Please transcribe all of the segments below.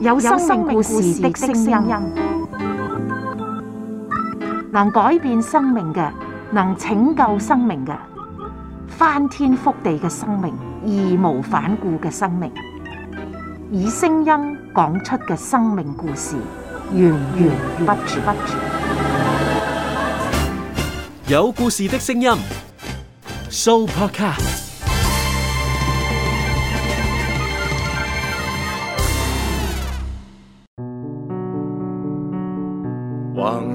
有生命故事的聲音，能改變生命嘅，能拯救生命嘅，翻天覆地嘅生命，義無反顧嘅生命，以聲音講出嘅生命故事，源源不絕。有故事的聲音，Soupercast。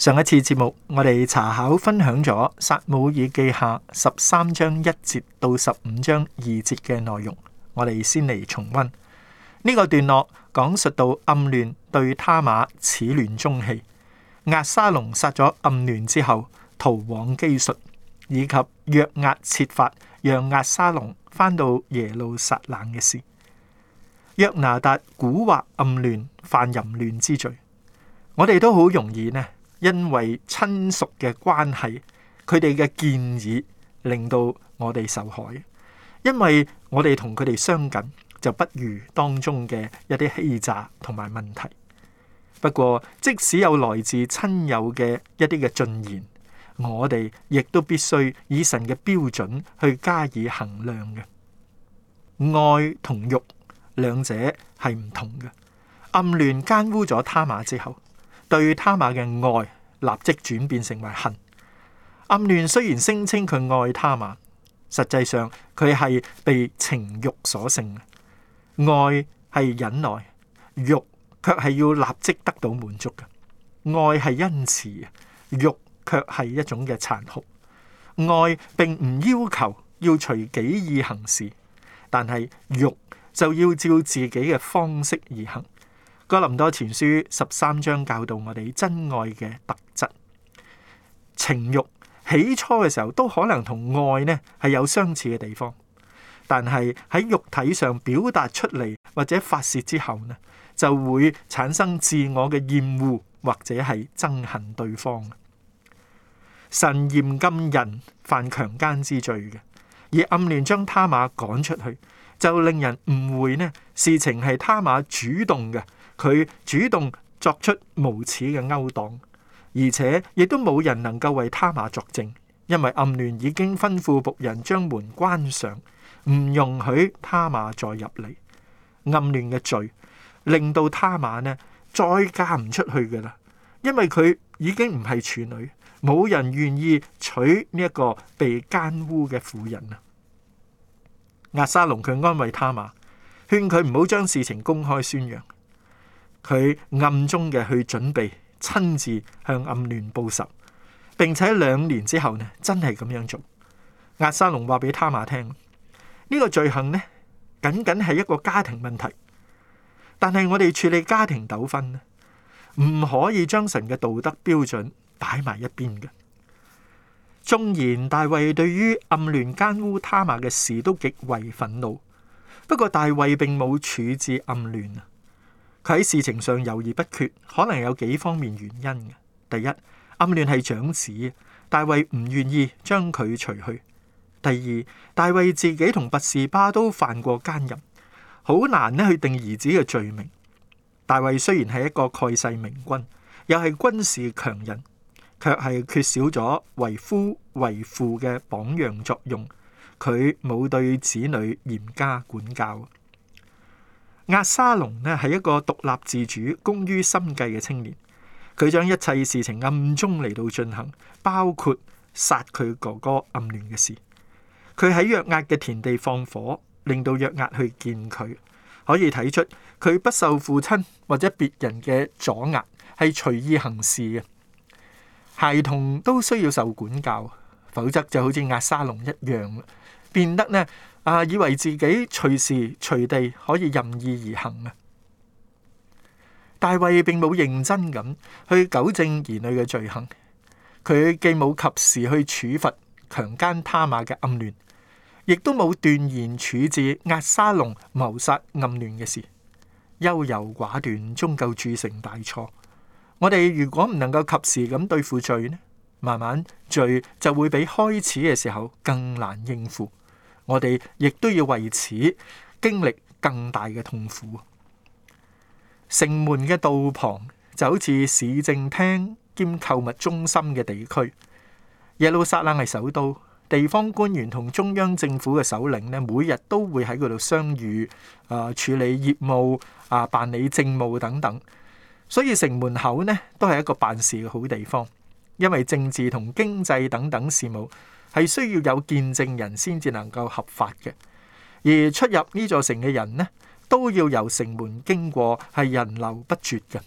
上一次節目，我哋查考分享咗《撒母耳記下》十三章一節到十五章二節嘅內容，我哋先嚟重溫呢、呢個段落，講述到暗戀對他馬始亂終棄，押沙龍殺咗暗戀之後逃往基述，以及約押設法讓押沙龍翻到耶路撒冷嘅事。約拿達古惑暗戀犯淫亂之罪，我哋都好容易呢。因為親屬嘅關係，佢哋嘅建議令到我哋受害。因為我哋同佢哋相近，就不如當中嘅一啲欺詐同埋問題。不過，即使有來自親友嘅一啲嘅進言，我哋亦都必須以神嘅標準去加以衡量嘅。愛同慾兩者係唔同嘅。暗嫩姦污咗他瑪之後。對他瑪嘅愛立即轉變成為恨。暗戀雖然聲稱佢愛他瑪，實際上佢係被情欲所勝。愛係忍耐，欲卻係要立即得到滿足嘅。愛係恩慈，欲卻係一種嘅殘酷。愛並唔要求要隨己意行事，但係欲就要照自己嘅方式而行。《哥林多前書》十三章教導我哋真愛嘅特質，情欲起初嘅時候都可能同愛呢係有相似嘅地方，但係喺肉體上表達出嚟或者發洩之後呢，就會產生自我嘅厭惡或者係憎恨對方。神嚴禁人犯強姦之罪嘅，而暗戀將他瑪趕出去，就令人誤會呢事情係他瑪主動嘅。佢主動作出無恥嘅勾當，而且亦都冇人能夠為他瑪作證，因為暗嫩已經吩咐僕人將門關上，唔容許他瑪再入嚟。暗嫩嘅罪令到他瑪呢再嫁唔出去㗎喇，因為佢已經唔係處女，冇人願意娶呢一個被奸污嘅婦人啊！押沙龍佢安慰他瑪，勸佢唔好將事情公開宣揚。佢暗中嘅去準備，親自向暗嫩報仇，並且兩年之後呢，真係咁樣做。押沙龍話俾他瑪聽：呢個罪行呢，僅僅係一個家庭問題。但係我哋處理家庭糾紛唔可以將神嘅道德標準擺埋一邊嘅。縱然大衛對於暗嫩奸污他瑪嘅事都極為憤怒，不過大衛並冇處置暗嫩。喺事情上猶豫不決，可能有幾方面原因嘅。第一，暗嫩係長子，大衛唔願意將佢除去；第二，大衛自己同拔示巴都犯過奸淫，好難咧去定兒子嘅罪名。大衛雖然係一個蓋世明君，又係軍事強人，卻係缺少咗為夫為父嘅榜樣作用。佢冇對子女嚴加管教。押沙龍咧係一個獨立自主、工於心計嘅青年，佢將一切事情暗中嚟到進行，包括殺佢哥哥暗嫩嘅事。佢喺約押嘅田地放火，令到約押去見佢，可以睇出佢不受父親或者別人嘅阻壓，係隨意行事嘅。孩童都需要受管教，否則就好似押沙龍一樣，變得呢。啊！以為自己隨時隨地可以任意而行啊！大衛並冇認真咁去糾正兒女嘅罪行，佢既冇及時去處罰強姦他馬嘅暗嫩，亦都冇斷然處置押沙龍謀殺暗嫩嘅事。優柔寡斷，終究鑄成大錯。我哋如果唔能夠及時咁對付罪呢，慢慢罪就會比開始嘅時候更難應付。我哋亦都要為此經歷更大嘅痛苦。城門嘅道旁就好似市政廳兼購物中心嘅地區。耶路撒冷係首都，地方官員同中央政府嘅首領咧，每日都會喺嗰度相遇啊、呃，處理業務啊、呃，辦理政務等等。所以城門口呢都係一個辦事嘅好地方，因為政治同經濟等等事務。係需要有見證人先至能夠合法嘅。而出入呢座城嘅人呢，都要由城門經過，係人流不絕嘅。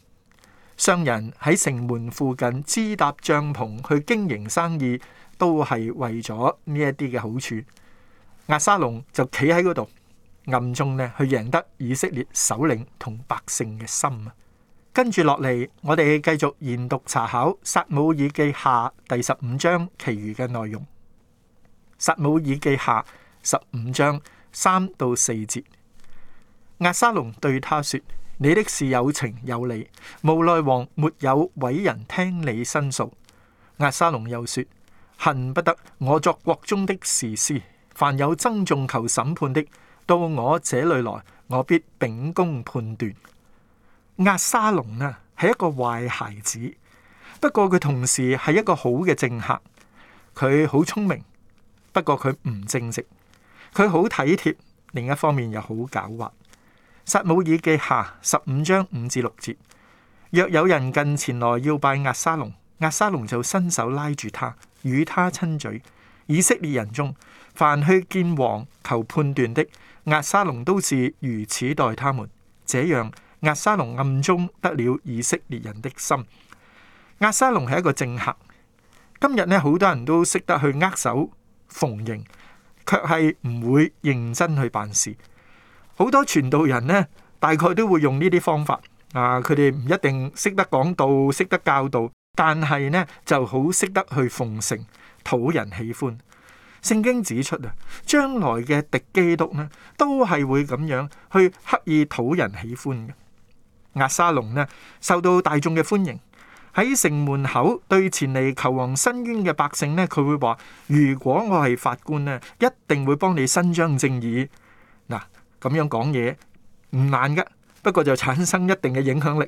商人喺城門附近支搭帳篷去經營生意，都係為咗呢一啲嘅好處。押沙龍就企喺嗰度暗中呢，去贏得以色列首領同百姓嘅心啊。跟住落嚟，我哋繼續研讀查考《撒母耳記下》第十五章其餘嘅內容。撒母耳記下十五章三到四節，押沙龍對他說：你的事有情有理，無奈王沒有委人聽你申訴。押沙龍又說：恨不得我作國中的士師，凡有爭訟求審判的，到我這裏來，我必秉公判斷。押沙龍呢，係一個壞孩子，不過佢同時係一個好嘅政客，佢好聰明。不過佢唔正直，佢好體貼，另一方面又好狡猾。撒母耳記下十五章五至六節：若有人近前來要拜押沙龍，押沙龍就伸手拉住他，與他親嘴。以色列人中，凡去見王求判斷的，押沙龍都是如此待他們。這樣，押沙龍暗中得了以色列人的心。押沙龍係一個政客。今日呢，好多人都識得去握手。逢迎，卻係唔會認真去辦事。好多傳道人呢，大概都會用呢啲方法。啊，佢哋唔一定識得講道、識得教導，但係呢就好識得去奉承、討人喜歡。聖經指出啊，將來嘅敵基督呢，都係會咁樣去刻意討人喜歡嘅。押沙龍呢，受到大眾嘅歡迎。喺城門口對前嚟求王伸冤嘅百姓呢，佢會話：如果我係法官呢，一定會幫你伸張正義。嗱，咁樣講嘢唔難噶，不過就產生一定嘅影響力。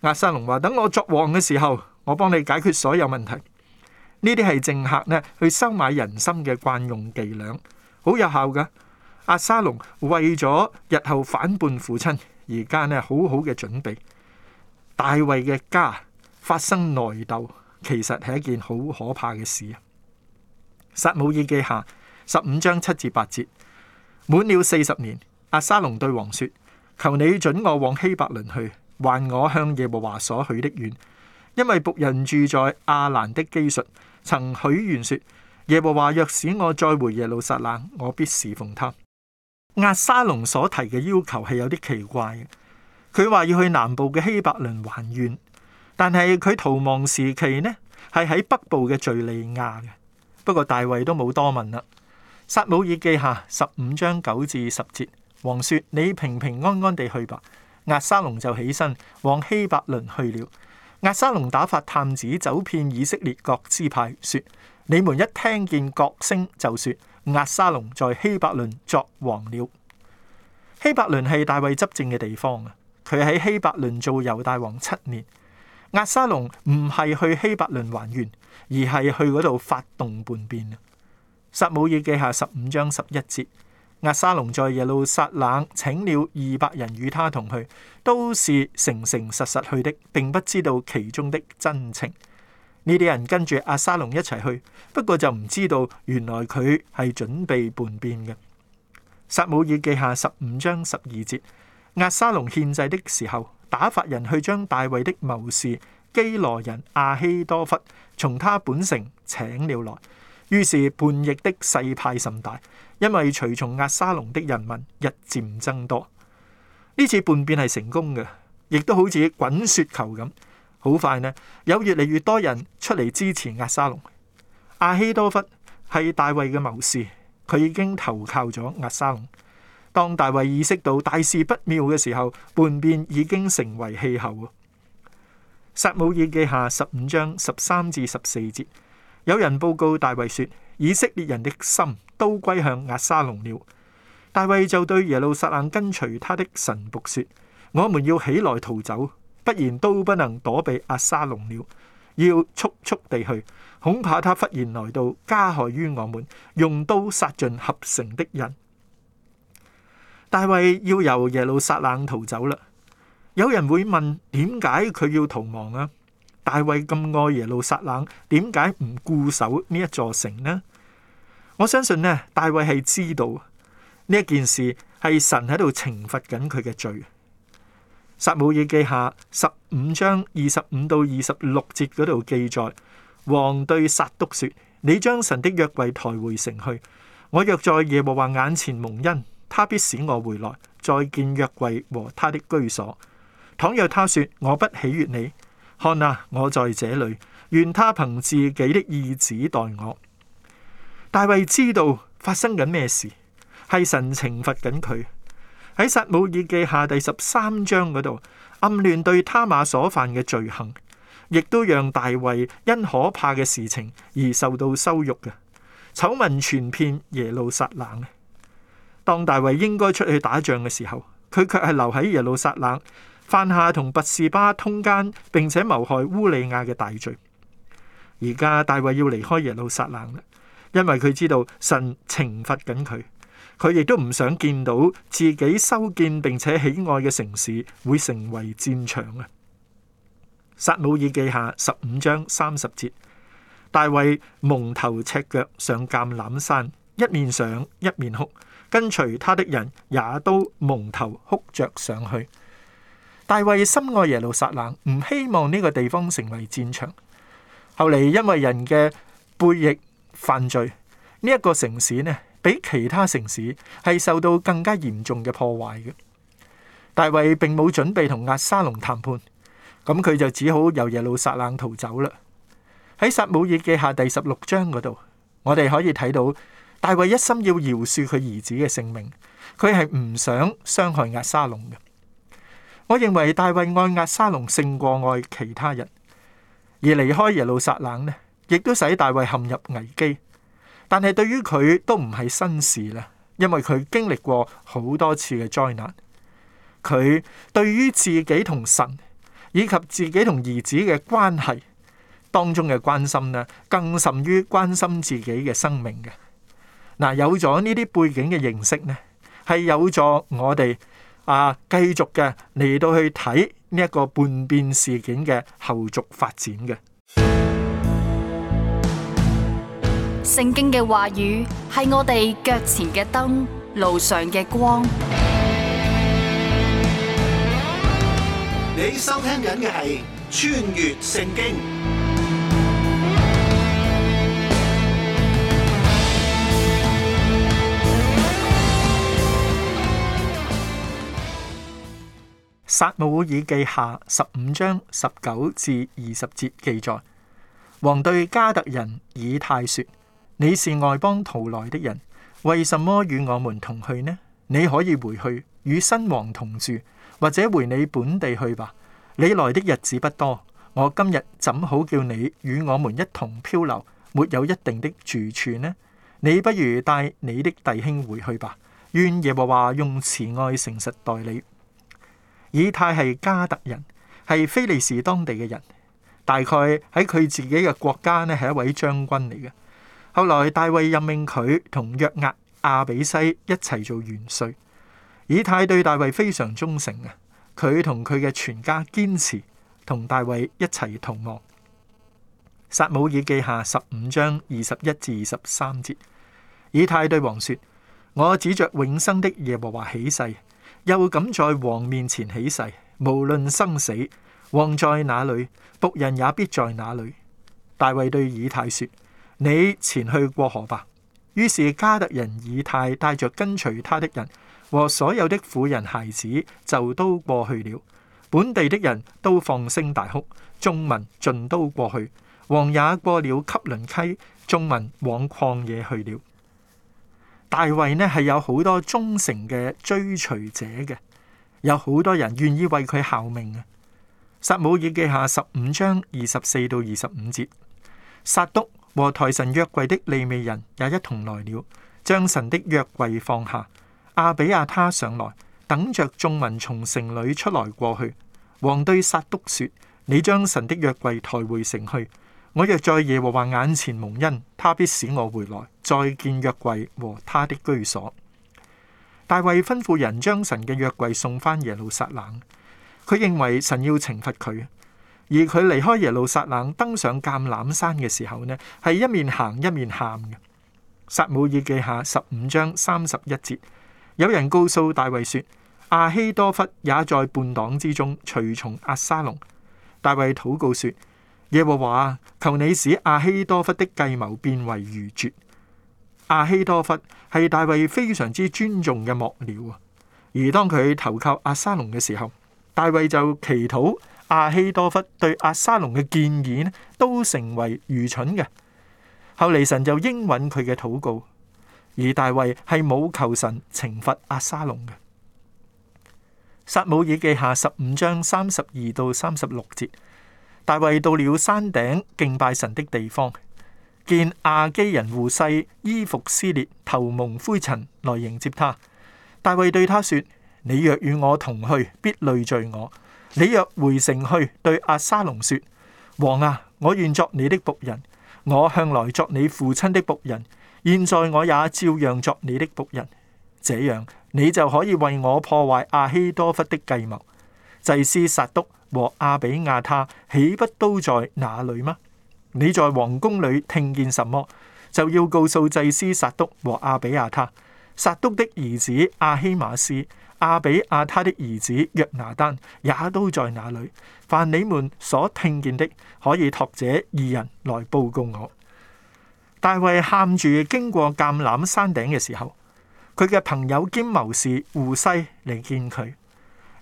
阿沙龍話：等我作王嘅時候，我幫你解決所有問題。呢啲係政客呢去收買人心嘅慣用伎倆，好有效噶。阿沙龍為咗日後反叛父親，而家呢好好嘅準備大衛嘅家。發生內鬥，其實係一件好可怕嘅事啊！撒母耳記下十五章七至八節，滿了四十年，押沙龍對王說：求你准我往希伯倫去，還我向耶和華所許的願，因為僕人住在亞蘭的基述，曾許願說：耶和華若使我再回耶路撒冷，我必侍奉他。押沙龍所提嘅要求係有啲奇怪嘅，佢話要去南部嘅希伯倫還願。但係佢逃亡時期呢，係喺北部嘅敘利亞嘅。不過，大衛都冇多問啦。撒母耳記下十五章九至十節，王説：你平平安安地去吧。押沙龍就起身往希伯倫去了。押沙龍打發探子走遍以色列各支派，説：你們一聽見角聲就說，就説押沙龍在希伯倫作王了。希伯倫係大衛執政嘅地方啊。佢喺希伯倫做猶大王七年。押沙龍唔係去希伯崙還願，而係去嗰度發動叛變。撒母耳記下十五章十一節：押沙龍在耶路撒冷請了二百人與他同去，都是誠誠實實去的，並不知道其中的真情。呢啲人跟住押沙龍一齊去，不過就唔知道原來佢係準備叛變嘅。撒母耳記下十五章十二節：押沙龍獻祭的時候。打發人去將大衛的謀士基羅人亞希多弗從他本城請了來，於是叛逆的勢派甚大，因為隨從押沙龍的人民日漸增多。呢次叛變係成功嘅，亦都好似滾雪球咁，好快呢，有越嚟越多人出嚟支持押沙龍。亞希多弗係大衛嘅謀士，佢已經投靠咗押沙龍。當大衛意識到大事不妙嘅時候，叛變已經成為氣候。撒母耳記下十五章十三至十四節，有人報告大衛說，以色列人的心都歸向押沙龍了。大衛就對耶路撒冷跟隨他的臣僕說：我們要起來逃走，不然都不能躲避押沙龍了。要速速地去，恐怕他忽然來到，加害於我們，用刀殺盡合城的人。大衛要由耶路撒冷逃走啦。有人會問，點解佢要逃亡啊？大衛咁愛耶路撒冷，點解唔固守呢一座城呢？我相信呢，大衛係知道呢一件事係神喺度懲罰緊佢嘅罪。撒母耳記下十五章二十五到二十六節嗰度記載，王對撒督說：你將神的約櫃抬回城去，我若在耶和華眼前蒙恩。他必使我回來，再見約櫃和他的居所。倘若他說我不喜悅你，看啊，我在這裏，願他憑自己的意旨待我。大衛知道發生緊咩事，係神懲罰緊佢。喺撒母耳記下第十三章嗰度，暗嫩對他瑪所犯嘅罪行，亦都讓大衛因可怕嘅事情而受到羞辱嘅醜聞傳遍耶路撒冷。當大衛應該出去打仗嘅時候，佢卻係留喺耶路撒冷，犯下同拔士巴通奸並且謀害烏利亞嘅大罪。而家大衛要離開耶路撒冷啦，因為佢知道神懲罰緊佢，佢亦都唔想見到自己修建並且喜愛嘅城市會成為戰場啊。《撒母耳記下》十五章三十節，大衛蒙頭赤腳上橄欖山，一面上一面哭。跟隨他的人也都蒙頭哭着上去。大衛深愛耶路撒冷，唔希望呢個地方成為戰場。後嚟因為人嘅背逆犯罪，呢、這、一個城市呢，比其他城市係受到更加嚴重嘅破壞嘅。大衛並冇準備同押沙龍談判，咁佢就只好由耶路撒冷逃走啦。喺《撒母耳記下》第十六章嗰度，我哋可以睇到。大衛一心要饒恕佢兒子嘅性命，佢係唔想傷害押沙龍嘅。我認為大衛愛押沙龍勝過愛其他人，而離開耶路撒冷呢，亦都使大衛陷入危機。但係對於佢都唔係新事啦，因為佢經歷過好多次嘅災難。佢對於自己同神以及自己同兒子嘅關係當中嘅關心呢，更甚於關心自己嘅生命嘅。嗱，有咗呢啲背景嘅認識咧，係有助我哋啊繼續嘅嚟到去睇呢一個叛變事件嘅後續發展嘅。聖經嘅話語係我哋腳前嘅燈，路上嘅光。你收聽緊嘅係《穿越聖經》。撒母耳記下十五章十九至二十節記載，王對加特人以太說：你是外邦逃來的人，為什麼與我們同去呢？你可以回去與新王同住，或者回你本地去吧。你來的日子不多，我今日怎好叫你與我們一同漂流，沒有一定的住處呢？你不如帶你的弟兄回去吧。願耶和華用慈愛誠實待你。以太係加特人，係非利士當地嘅人，大概喺佢自己嘅國家呢係一位將軍嚟嘅。後來大衛任命佢同約押亞比西一齊做元帥。以太對大衛非常忠誠啊！佢同佢嘅全家堅持同大衛一齊同亡。撒母耳記下十五章二十一至二十三節，以太對王說：我指着永生的耶和華起誓。又敢在王面前起誓，無論生死，王在哪裏，僕人也必在哪裏。大衛對以太說：你前去過河吧。於是加特人以太帶着跟隨他的人和所有的婦人孩子，就都過去了。本地的人都放聲大哭，眾民盡都過去，王也過了汲淪溪，眾民往曠野去了。大衛呢係有好多忠誠嘅追隨者嘅，有好多人願意為佢效命啊！撒母耳記下十五章二十四到二十五節，撒督和抬神約櫃的利未人也一同來了，將神的約櫃放下。亞比亞他上來，等着眾民從城裏出來過去。王對撒督說：你將神的約櫃抬回城去。我若在耶和華眼前蒙恩，他必使我回來，再見約櫃和他的居所。大衛吩咐人將神嘅約櫃送返耶路撒冷。佢認為神要懲罰佢，而佢離開耶路撒冷登上橄欖山嘅時候呢，係一面行一面喊嘅。撒母耳記下十五章三十一節，有人告訴大衛說：阿希多弗也在叛黨之中，隨從押沙龍。大衛禱告說。耶和華，求你使阿希多弗的計謀變為愚拙。阿希多弗係大衛非常之尊重嘅幕僚啊。而當佢投靠阿沙龍嘅時候，大衛就祈禱阿希多弗對阿沙龍嘅建議都成為愚蠢嘅。後嚟神就應允佢嘅禱告，而大衛係冇求神懲罰阿沙龍嘅。撒母耳記下十五章三十二到三十六節。大衛到了山頂敬拜神的地方，見阿基人戶細衣服撕裂、頭蒙灰塵來迎接他。大衛對他說：你若與我同去，必累贅我；你若回城去，對阿沙龍說：王啊，我願作你的僕人，我向來作你父親的僕人，現在我也照樣作你的僕人。這樣，你就可以為我破壞阿希多弗的計謀。祭司撒督，和亞比亞他豈不都在那裏嗎？你在王宮裏聽見什麼，就要告訴祭司撒督和亞比亞他。撒督的兒子亞希馬斯、亞比亞他的兒子約拿單，也都在那裏。凡你們所聽見的，可以託這二人來報告我。大衛喊住經過橄欖山頂嘅時候，佢嘅朋友兼謀士戶西嚟見佢。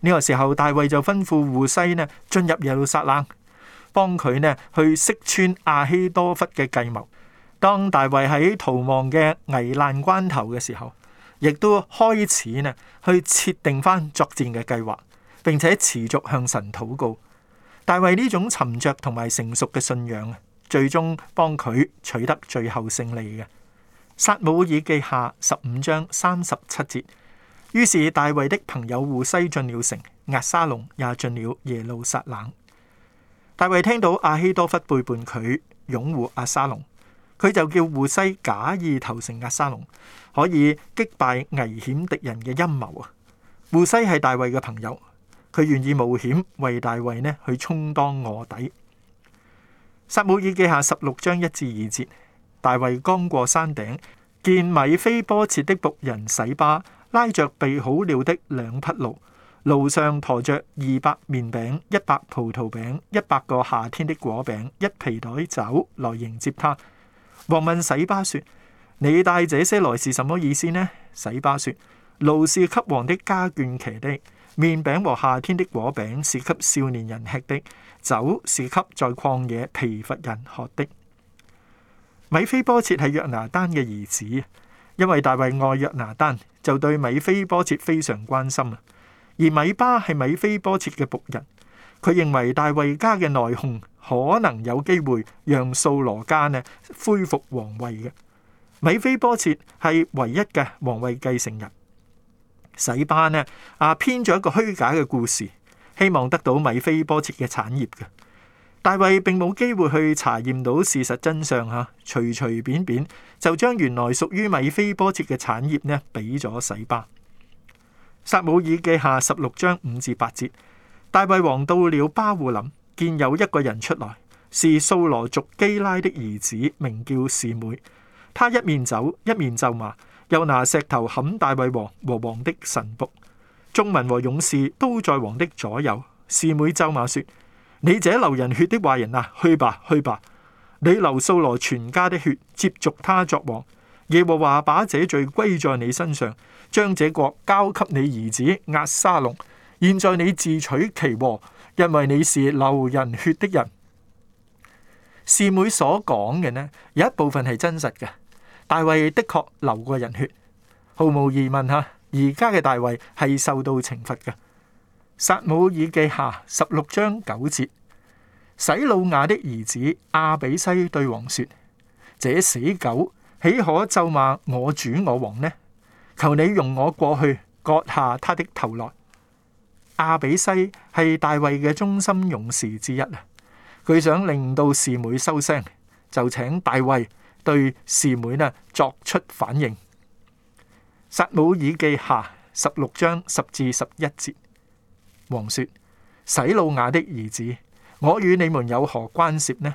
呢個時候，大衛就吩咐戶西呢進入耶路撒冷，幫佢呢去識穿阿希多弗嘅計謀。當大衛喺逃亡嘅危難關頭嘅時候，亦都開始呢去設定翻作戰嘅計劃，並且持續向神禱告。大衛呢種沉着同埋成熟嘅信仰，最終幫佢取得最後勝利嘅。撒母耳記下十五章三十七節。於是大衛的朋友戶西進了城，押沙龍也進了耶路撒冷。大衛聽到阿希多弗背叛佢，擁護押沙龍，佢就叫戶西假意投誠押沙龍，可以擊敗危險敵人嘅陰謀啊。戶西係大衛嘅朋友，佢願意冒險為大衛呢去充當臥底。撒母耳記下十六章一至二節，大衛剛過山頂，見米非波設的僕人洗巴。拉着備好了的兩匹驢，驢上馱着二百麵餅、一百葡萄餅、一百個夏天的果餅、一皮袋酒來迎接他。王問洗巴說：你帶這些來是什麼意思呢？洗巴說：驢是給王的家眷騎的，麵餅和夏天的果餅是給少年人吃的，酒是給在曠野疲乏人喝的。米非波設係約拿單嘅兒子。因為大衛愛約拿單，就對米非波切非常關心啊。而米巴係米非波切嘅僕人，佢認為大衛家嘅內訌可能有機會讓掃羅家呢恢復皇位嘅。米非波切係唯一嘅皇位繼承人，洗巴呢啊編咗一個虛假嘅故事，希望得到米非波切嘅產業嘅。大衛並冇機會去查驗到事實真相啊！隨隨便便，便就將原來屬於米非波設嘅產業呢，俾咗洗巴。撒母耳記下十六章五至八節：大衛王到了巴戶林，見有一個人出來，是掃羅族基拉的兒子，名叫示每。」他一面走一面咒罵，又拿石頭砍大衛王和王的臣僕。眾民和勇士都在王的左右。示每咒罵說。你這流人血的壞人啊，去吧去吧！你流掃羅全家的血，接續他作王。耶和華把這罪歸在你身上，將這國交給你兒子押沙龍。現在你自取其禍，因為你是流人血的人。示每所講嘅呢，有一部分係真實嘅。大衛的確流過人血，毫無疑問吓。而家嘅大衛係受到懲罰嘅。撒母耳記下十六章九節，洗魯雅的兒子阿比西對王說：這死狗豈可咒罵我主我王呢？求你容我過去割下他的頭來。阿比西係大衛嘅忠心勇士之一啊。佢想令到侍妹收聲，就請大衛對侍妹呢作出反應。撒母耳記下十六章十至十一節。王說：洗魯雅的兒子，我與你們有何關涉呢？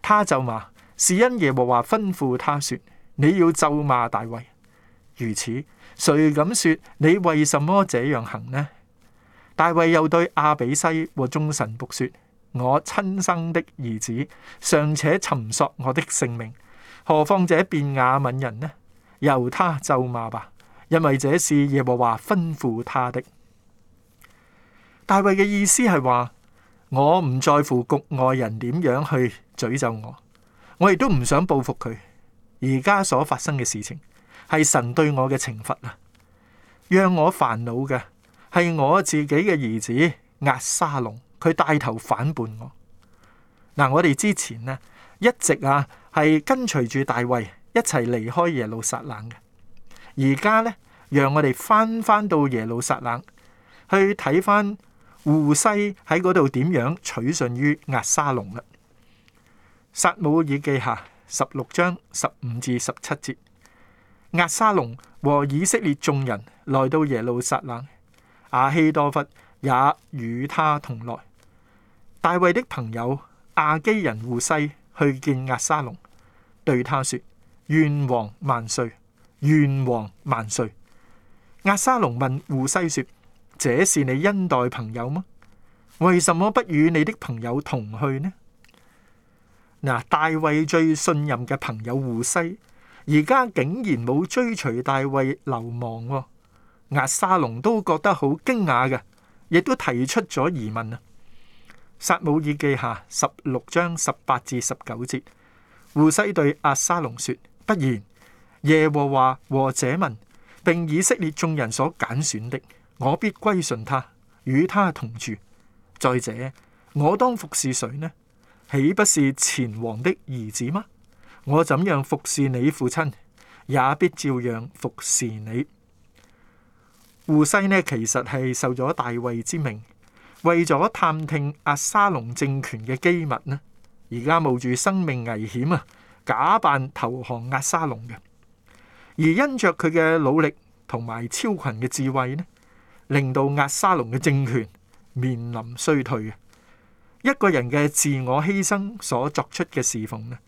他就罵：是因耶和華吩咐他說，你要咒罵大衛。如此，誰敢說你為什麼這樣行呢？大衛又對亞比篩和眾臣僕說：我親生的兒子尚且尋索我的性命，何況這便雅憫人呢？由他咒罵吧，因為這是耶和華吩咐他的。大衛嘅意思係話，我唔在乎局外人點樣去詛咒我，我亦都唔想報復佢。而家所發生嘅事情係神對我嘅懲罰啊！讓我煩惱嘅係我自己嘅兒子押沙龍，佢帶頭反叛我。嗱，我哋之前呢，一直啊係跟隨住大衛一齊離開耶路撒冷嘅，而家呢，讓我哋翻翻到耶路撒冷去睇翻。胡西喺嗰度點樣取信於押沙龍啦？撒母耳記下十六章十五至十七節，押沙龍和以色列眾人來到耶路撒冷，阿希多弗也與他同來。大衛的朋友阿基人胡西去見押沙龍，對他說：願王萬歲！願王萬歲！押沙龍問胡西說。這是你恩待朋友嗎？為什麼不與你的朋友同去呢？嗱，大衛最信任嘅朋友胡西而家竟然冇追隨大衛流亡喎，阿沙隆都覺得好驚訝嘅，亦都提出咗疑問啊。撒母耳記下十六章十八至十九節，胡西對阿沙隆說：「不然，耶和華和者民，並以色列眾人所揀選的。我必歸順他，與他同住。再者，我當服侍誰呢？豈不是前王的兒子嗎？我怎樣服侍你父親，也必照樣服侍你。戶篩呢，其實係受咗大衛之命，為咗探聽押沙龍政權嘅機密呢。而家冒住生命危險啊，假扮投降押沙龍嘅。而因着佢嘅努力同埋超群嘅智慧呢，令到押沙龍嘅政權面臨衰退嘅，一個人嘅自我犧牲所作出嘅侍奉呢，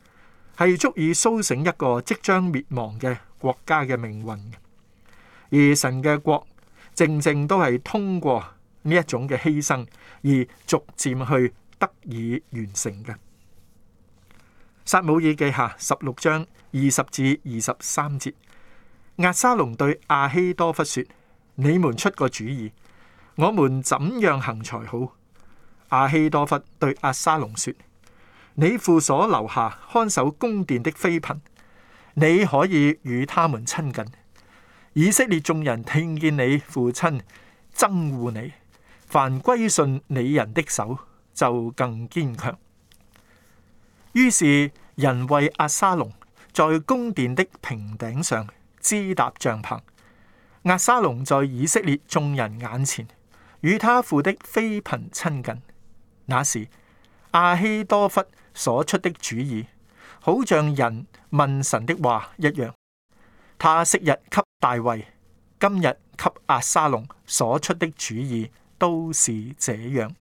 係足以蘇醒一個即將滅亡嘅國家嘅命運嘅。而神嘅國正正都係通過呢一種嘅犧牲而逐漸去得以完成嘅。撒母耳記下十六章二十至二十三節，押沙龍對亞希多弗說。你們出個主意，我們怎樣行才好？阿希多弗對阿沙龍說：你父所留下看守宮殿的妃嬪，你可以與他們親近。以色列眾人聽見你父親憎惡你，凡歸順你人的手就更堅強。於是人為阿沙龍在宮殿的平頂上支搭帳篷。阿沙龍在以色列眾人眼前與他父的妃嬪親近，那時阿希多弗所出的主意，好像人問神的話一樣。他昔日給大衛，今日給阿沙龍所出的主意都是這樣。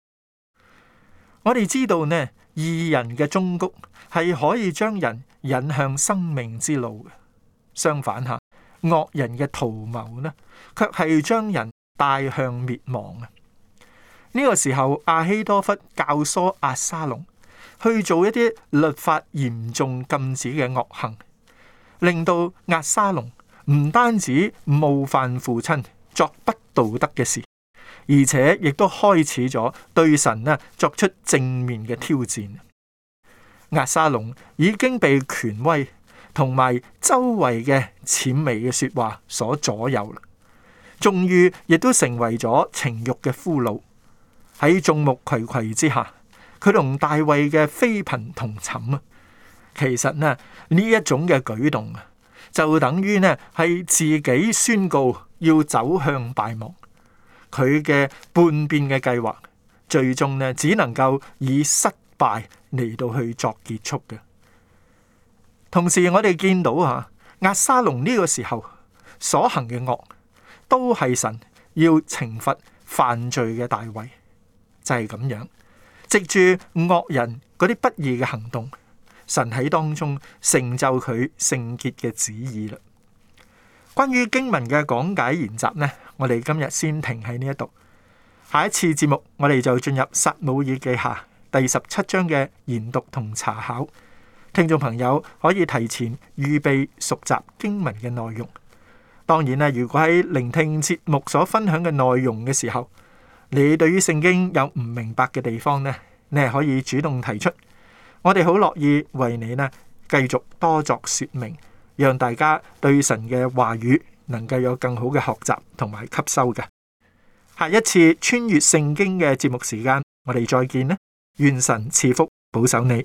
我哋知道呢，二人嘅忠告係可以將人引向生命之路嘅，相反下。惡人嘅圖謀呢，卻係將人帶向滅亡啊！呢個時候，阿希多弗教唆阿沙龍去做一啲律法嚴重禁止嘅惡行，令到阿沙龍唔單止冒犯父親，作不道德嘅事，而且亦都開始咗對神呢作出正面嘅挑戰。阿沙龍已經被權威，同埋周圍嘅淺微嘅說話所左右啦，終於亦都成為咗情欲嘅俘虜。喺眾目睽睽之下，佢同大衛嘅妃嬪同寢啊，其實呢呢一種嘅舉動啊，就等於呢係自己宣告要走向敗亡。佢嘅叛變嘅計劃，最終呢只能夠以失敗嚟到去作結束嘅。同時，我哋見到啊，押沙龍呢個時候所行嘅惡，都係神要懲罰犯罪嘅大衛，就係咁樣，藉住惡人嗰啲不義嘅行動，神喺當中成就佢聖潔嘅旨意啦。關於經文嘅講解研習呢，我哋今日先停喺呢一度，下一次節目我哋就進入撒母耳記下第十七章嘅研讀同查考。聽眾朋友可以提前預備熟習經文嘅內容。當然啦，如果喺聆聽節目所分享嘅內容嘅時候，你對於聖經有唔明白嘅地方呢，你係可以主動提出。我哋好樂意為你呢繼續多作說明，讓大家對神嘅話語能夠有更好嘅學習同埋吸收嘅。下一次穿越聖經嘅節目時間，我哋再見啦。願神賜福保守你。